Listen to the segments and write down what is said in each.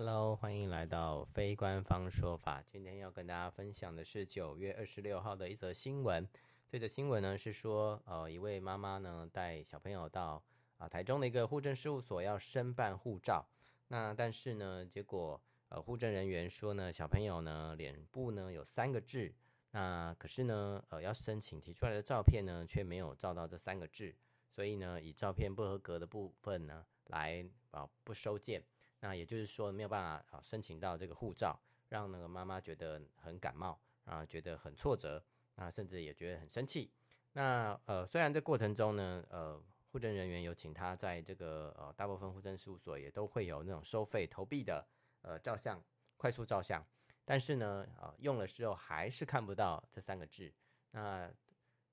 Hello，歡迎來到非官方說法。今天要跟大家分享的是九月二十六號的一則新聞。這則新聞呢是說，呃，一位媽媽呢帶小朋友到啊、呃、台中的一個戶政事務所要申辦護照。那但是呢，結果呃戶政人員說呢，小朋友呢臉部呢有三個痣。那可是呢，呃要申請提出來的照片呢卻沒有照到這三個痣，所以呢以照片不合格的部分呢來啊、呃、不收件。那也就是說，沒有辦法啊申請到這個護照，讓那個媽媽覺得很感冒，啊覺得很挫折，啊甚至也覺得很生氣。那呃雖然這過程中呢，呃戶政人員有請他在這個呃大部分戶政事務所也都會有那種收費投幣的呃照相快速照相，但是呢啊、呃、用的時候還是看不到這三個字。那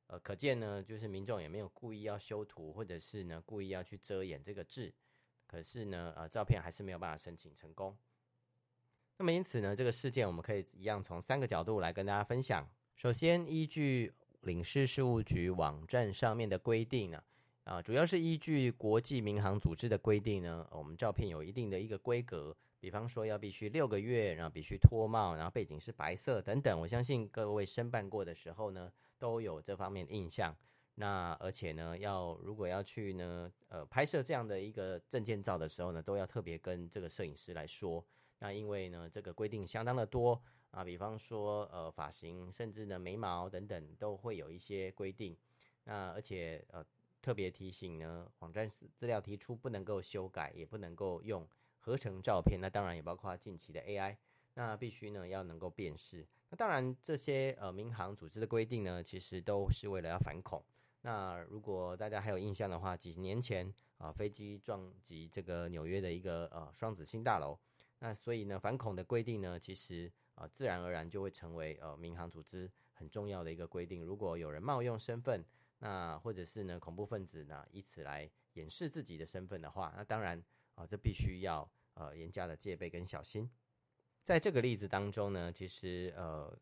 呃可見呢，就是民眾也沒有故意要修圖，或者是呢故意要去遮掩這個痣。可是呢，呃，照片還是沒有辦法申請成功。那麼因此呢，這個事件我們可以一樣從三個角度來跟大家分享。首先，依據領事事務局網站上面的規定呢，啊，啊，呃，主要是依據國際民航組織的規定呢，呃，我們照片有一定的一個規格，比方說要必須六個月，然後必須脫帽，然後背景是白色等等。我相信各位申辦過的時候呢，都有這方面的印象。那而且呢，要如果要去呢，呃，拍攝這樣的一個證件照的時候呢，都要特別跟這個攝影師來說。那因為呢，這個規定相當的多啊，比方說呃，髮型甚至呢，眉毛等等都會有一些規定。那而且呃，特別提醒呢，網站資料提出不能夠修改，也不能夠用合成照片。那當然也包括近期的 AI，那必須呢要能夠辨識。那當然這些呃，民航組織的規定呢，其實都是為了要反恐。那如果大家還有印象的話，幾年前啊、呃，飛機撞擊這個紐約的一個呃雙子星大樓。那所以呢，反恐的規定呢，其實啊、呃，自然而然就會成為呃民航組織很重要的一個規定。如果有人冒用身份，那或者是呢恐怖分子呢以此來掩飾自己的身份的話，那當然啊、呃，這必須要呃嚴加的戒備跟小心。在這個例子當中呢，其實呃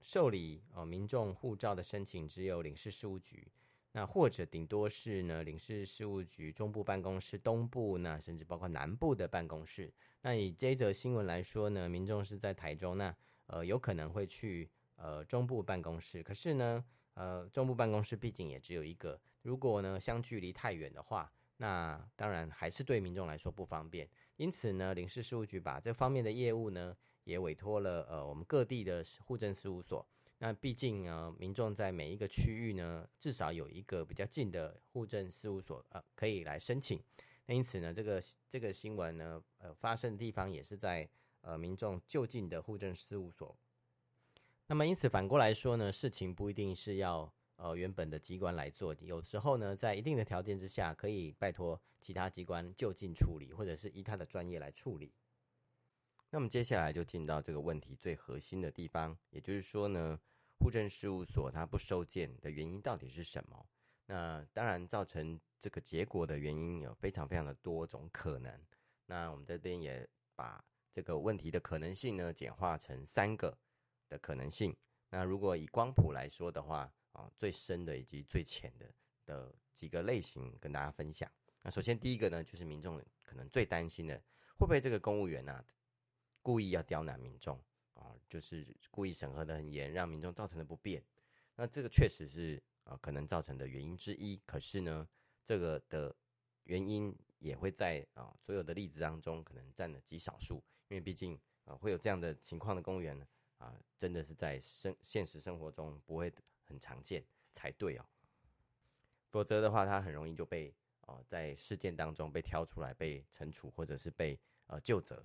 受理呃民眾護照的申請，只有領事事務局。那或者頂多是呢，領事事務局中部辦公室、東部呢，甚至包括南部的辦公室。那以這則新聞來說呢，民眾是在臺中，那呃有可能會去呃中部辦公室。可是呢，呃中部辦公室畢竟也只有一個，如果呢相距離太遠的話，那當然還是對民眾來說不方便。因此呢，領事事務局把這方面的業務呢也委託了呃我們各地的戶政事務所。那畢竟呢、呃、民眾在每一個區域呢，至少有一個比較近的戶政事務所，呃，可以來申請。那因此呢，這個這個新聞呢，呃，發生的地方也是在呃民眾就近的戶政事務所。那麼因此反過來說呢，事情不一定是要呃原本的機關來做的，有時候呢，在一定的條件之下，可以拜託其他機關就近處理，或者是依他的專業來處理。那我們接下來就進到這個問題最核心的地方，也就是說呢，戶政事務所它不收件的原因到底是什麼？那當然造成這個結果的原因有非常非常的多種可能。那我們這邊也把這個問題的可能性呢簡化成三個的可能性。那如果以光譜來說的話，啊，最深的以及最淺的的幾個類型跟大家分享。那首先第一個呢，就是民眾可能最擔心的，會不會這個公務員啊。故意要刁難民眾啊、呃，就是故意審核得很嚴，讓民眾造成的不便。那這個確實是啊、呃，可能造成的原因之一。可是呢，這個的原因也會在啊、呃、所有的例子當中，可能占了極少數。因為畢竟啊、呃，會有這樣的情況的公務員啊、呃，真的是在生現實生活中不會很常見才對哦。否則的話，他很容易就被啊、呃、在事件當中被挑出來被懲處，或者是被啊，究、呃、責。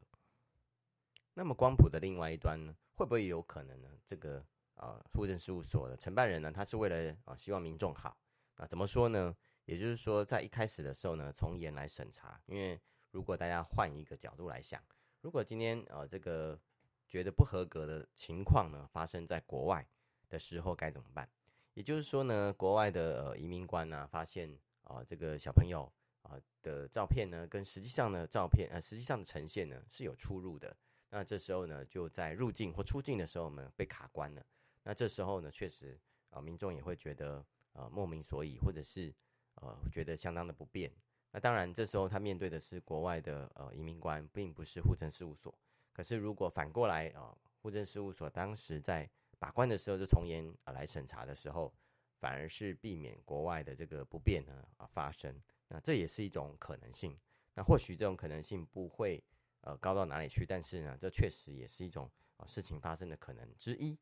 那麼光譜的另外一端呢，會不會有可能呢？這個啊，戶政事務所的承辦人呢，他是為了啊、呃，希望民眾好啊、呃，怎麼說呢？也就是說，在一開始的時候呢，從嚴來審查。因為如果大家換一個角度來想，如果今天呃，這個覺得不合格的情況呢，發生在國外的時候該怎麼辦？也就是說呢，國外的呃移民官啊，發現啊、呃，這個小朋友啊、呃、的照片呢，跟實際上的照片呃，實際上的呈現呢，是有出入的。那這時候呢，就在入境或出境的時候呢，我們被卡關了。那這時候呢，確實啊、呃，民眾也會覺得呃莫名所以，或者是呃覺得相當的不便。那當然，這時候他面對的是國外的呃移民官，並不是戶政事務所。可是如果反過來啊，戶、呃、政事務所當時在把關的時候就從嚴呃來審查的時候，反而是避免國外的這個不便呢啊、呃、發生。那這也是一種可能性。那或許這種可能性不會。呃，高到哪裡去？但是呢，這確實也是一種、呃、事情發生的可能之一。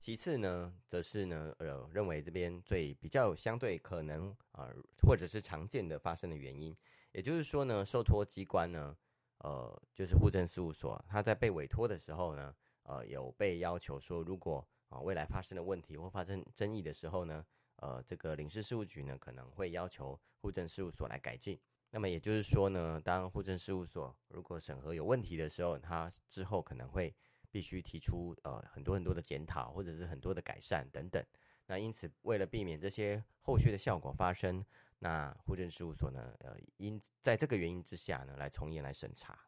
其次呢，則是呢，呃，認為這邊最比較相對可能呃，或者是常見的發生的原因，也就是說呢，受托機關呢，呃，就是戶政事務所，他在被委托的時候呢，呃，有被要求說，如果啊、呃、未來發生了問題或發生爭議的時候呢，呃，這個領事事務局呢，可能會要求戶政事務所來改進。那麼也就是說呢，當戶政事務所如果審核有問題的時候，他之後可能會必須提出呃很多很多的檢討或者是很多的改善等等。那因此為了避免這些後續的效果發生，那戶政事務所呢，呃，因在這個原因之下呢，來從嚴來審查。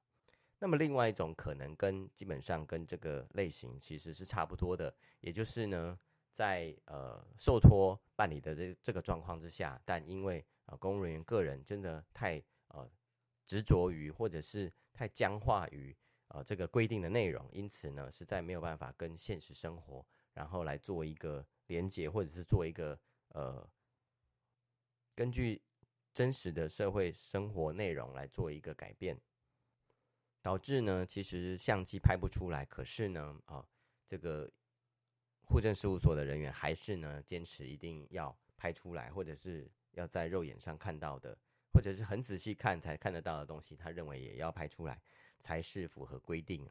那麼另外一種可能跟基本上跟這個類型其實是差不多的，也就是呢，在呃受託辦理的這個、這個狀況之下，但因為啊，公務人員個人真的太呃執着於，或者是太僵化於啊、呃、這個規定的內容，因此呢，實在沒有辦法跟現實生活然後來做一個連結，或者是做一個呃根據真實的社會生活內容來做一個改變，導致呢其實相機拍不出來，可是呢啊、呃、這個戶政事務所的人員還是呢堅持一定要。拍出來，或者是要在肉眼上看到的，或者是很仔細看才看得到的東西，他認為也要拍出來才是符合規定。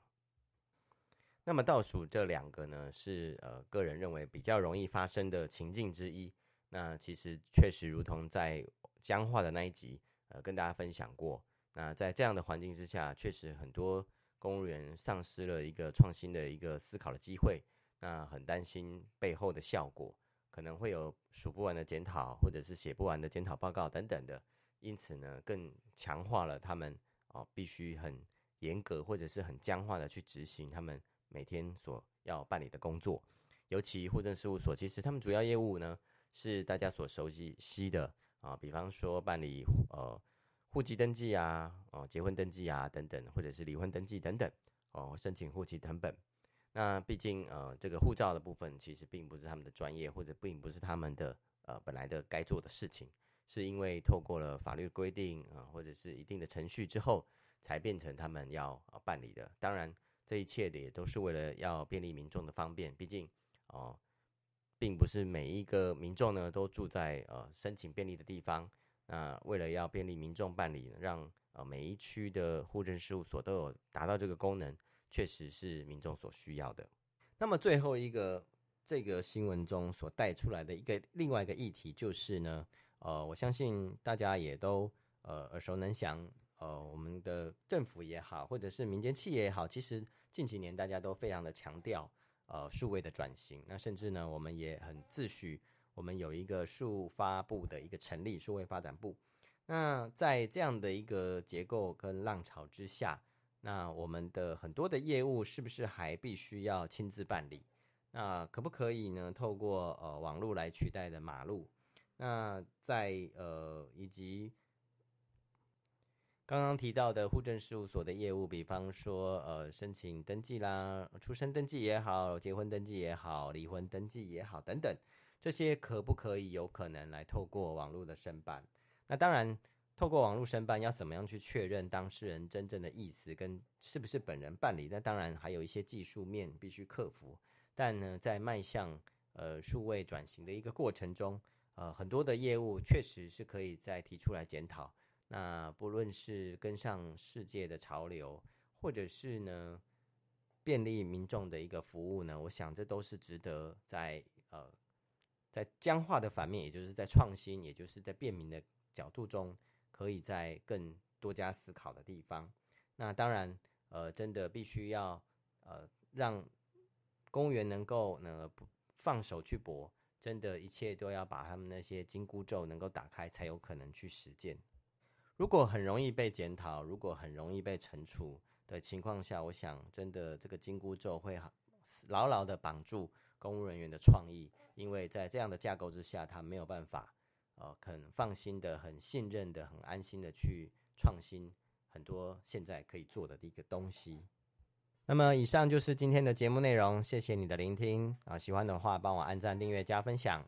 那麼倒數這兩個呢，是呃個人認為比較容易發生的情境之一。那其實確實如同在僵化的那一集呃跟大家分享過，那在這樣的環境之下，確實很多公務員喪失了一個創新的一個思考的機會，那很擔心背後的效果。可能會有數不完的檢討，或者是寫不完的檢討報告等等的，因此呢，更強化了他們啊、哦，必須很嚴格或者是很僵化的去執行他們每天所要辦理的工作。尤其戶政事務所，其實他們主要業務呢，是大家所熟悉悉的啊、哦，比方說辦理呃戶籍登記啊、哦結婚登記啊等等，或者是離婚登記等等，哦申請戶籍謄本。那畢竟，呃，這個護照的部分其實並不是他們的專業，或者並不是他們的呃本來的該做的事情，是因為透過了法律規定啊、呃，或者是一定的程序之後，才變成他們要、呃、辦理的。當然，這一切的也都是為了要便利民眾的方便。畢竟，哦、呃，並不是每一個民眾呢都住在呃申請便利的地方。那為了要便利民眾辦理，讓呃每一區的戶政事務所都有達到這個功能。確實是民眾所需要的。那麼最後一個，這個新聞中所帶出來的一個另外一個議題就是呢，呃，我相信大家也都呃耳熟能詳。呃，我們的政府也好，或者是民間企業也好，其實近幾年大家都非常的強調呃數位的轉型。那甚至呢，我們也很自詡我們有一個數發部的一個成立數位發展部。那在這樣的一個結構跟浪潮之下。那我們的很多的業務是不是還必須要親自辦理？那可不可以呢？透過呃網絡來取代的馬路？那在呃以及剛剛提到的戶政事務所的業務，比方說呃申請登記啦、出生登記也好、結婚登記也好、離婚登記也好等等，這些可不可以有可能來透過網絡的申辦？那當然。透過網路申辦，要怎麼樣去確認當事人真正的意思跟是不是本人辦理？那當然還有一些技術面必須克服。但呢，在邁向呃數位轉型的一個過程中，呃，很多的業務確實是可以再提出來檢討。那不論是跟上世界的潮流，或者是呢便利民眾的一個服務呢，我想這都是值得在呃在僵化的反面，也就是在創新，也就是在便民的角度中。可以在更多加思考的地方。那當然，呃，真的必須要呃，讓公務員能夠呢、呃、放手去搏。真的，一切都要把他們那些緊箍咒能夠打開，才有可能去實踐。如果很容易被檢討，如果很容易被懲處的情況下，我想，真的這個緊箍咒會牢牢的綁住公務人員的創意，因為在這樣的架構之下，他沒有辦法。呃，很、呃、放心的，很信任的，很安心的去創新很多現在可以做的一個東西。那麼，以上就是今天的節目內容，謝謝你的聆聽啊！喜歡的話，幫我按讚、訂閱、加分享。